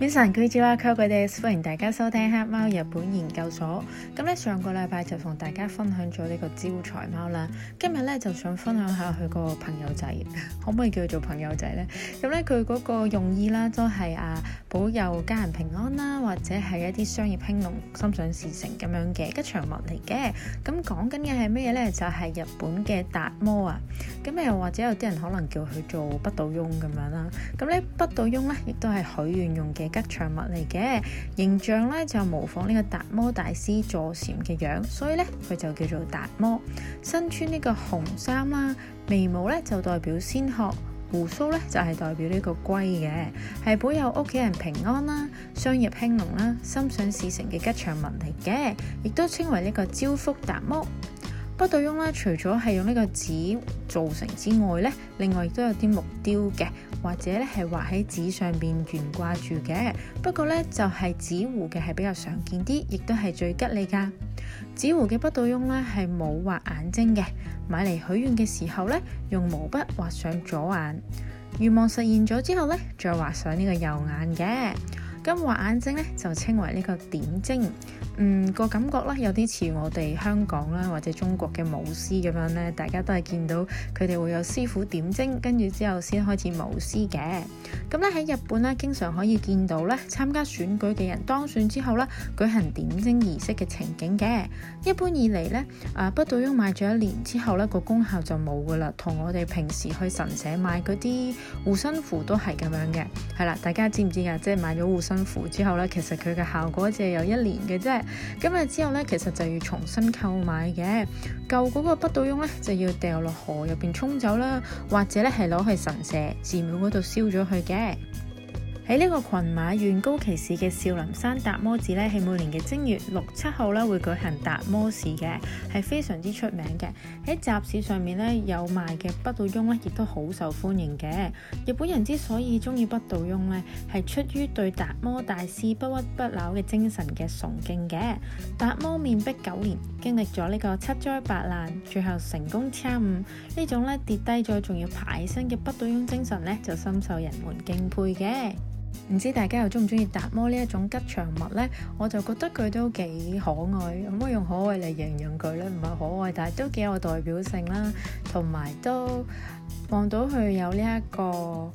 Mission Guided 歡迎大家收聽黑貓日本研究所。咁咧上個禮拜就同大家分享咗呢個招財貓啦。今日咧就想分享下佢個朋友仔，可唔可以叫佢做朋友仔咧？咁咧佢個用意啦，就是，都係啊保佑家人平安啦，或者係一啲商業興隆、心想事成咁樣嘅吉祥物嚟嘅。咁講緊嘅係咩嘢咧？就係、是、日本嘅達摩啊。咁又或者有啲人可能叫佢做不倒翁咁樣啦。咁咧不倒翁咧，亦都係許願用嘅。吉祥物嚟嘅形象咧，就模仿呢個達摩大師坐禪嘅樣，所以咧佢就叫做達摩。身穿呢個紅衫啦，眉毛咧就代表仙鶴，鬍鬚咧就係代表呢個龜嘅，係保佑屋企人平安啦、商業興隆啦、心想事成嘅吉祥物嚟嘅，亦都稱為呢個招福達摩。不倒翁咧，除咗係用呢個紙做成之外咧，另外亦都有啲木雕嘅，或者咧係畫喺紙上邊懸掛住嘅。不過咧就係紙糊嘅係比較常見啲，亦都係最吉利噶。紙糊嘅不倒翁咧係冇畫眼睛嘅，買嚟許願嘅時候咧用毛筆畫上左眼，願望實現咗之後咧再畫上呢個右眼嘅。咁畫眼睛咧就稱為呢個點睛，嗯、嗰個感覺咧有啲似我哋香港啦或者中國嘅舞獅咁樣咧，大家都係見到佢哋會有師傅點睛，跟住之後先開始舞獅嘅。咁咧喺日本咧，經常可以見到咧參加選舉嘅人當選之後咧舉行點睛儀式嘅情景嘅。一般以嚟咧，啊不倒翁買咗一年之後咧個功效就冇噶啦，同我哋平時去神社買嗰啲護身符都係咁樣嘅。係啦，大家知唔知啊？即係買咗護身符之後呢，其實佢嘅效果只係有一年嘅啫，即係今日之後呢，其實就要重新購買嘅。舊嗰個不倒翁呢，就要掉落河入面沖走啦，或者呢係攞去神社寺廟嗰度燒咗去嘅。喺呢個群馬縣高崎市嘅少林山達摩寺咧，喺每年嘅正月六七號咧會舉行達摩市嘅，係非常之出名嘅。喺集市上面咧有賣嘅不倒翁咧，亦都好受歡迎嘅。日本人之所以中意不倒翁咧，係出於對達摩大師不屈不撓嘅精神嘅崇敬嘅。達摩面壁九年，經歷咗呢個七災八難，最後成功參悟，呢種咧跌低咗仲要爬起身嘅不倒翁精神咧，就深受人們敬佩嘅。唔知大家又鍾唔鍾意達摩呢一種吉祥物呢？我就覺得佢都幾可愛，咁可以用可愛嚟形容佢呢？唔係可愛，但係都幾有代表性啦，同埋都望到佢有呢一個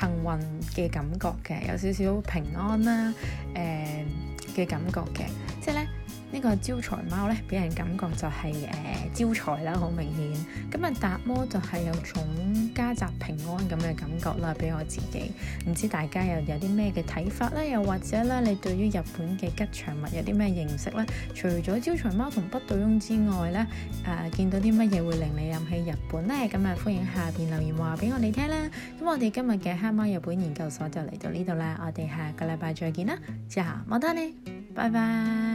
幸運嘅感覺嘅，有少少平安啦，誒嘅、呃、感覺嘅，即係咧。呢個招財貓呢，俾人感覺就係誒招財啦，好、呃、明顯。咁、嗯、啊，達摩就係有種家宅平安咁嘅感覺啦，俾我自己。唔知大家又有啲咩嘅睇法咧？又或者咧，你對於日本嘅吉祥物有啲咩認識咧？除咗招財貓同不倒翁之外呢，誒、呃、見到啲乜嘢會令你諗起日本呢？咁、嗯、啊，歡迎下邊留言話俾我哋聽啦。咁、嗯、我哋今日嘅黑貓日本研究所就嚟到呢度啦，我哋下個禮拜再見啦，じゃあまたね，拜拜。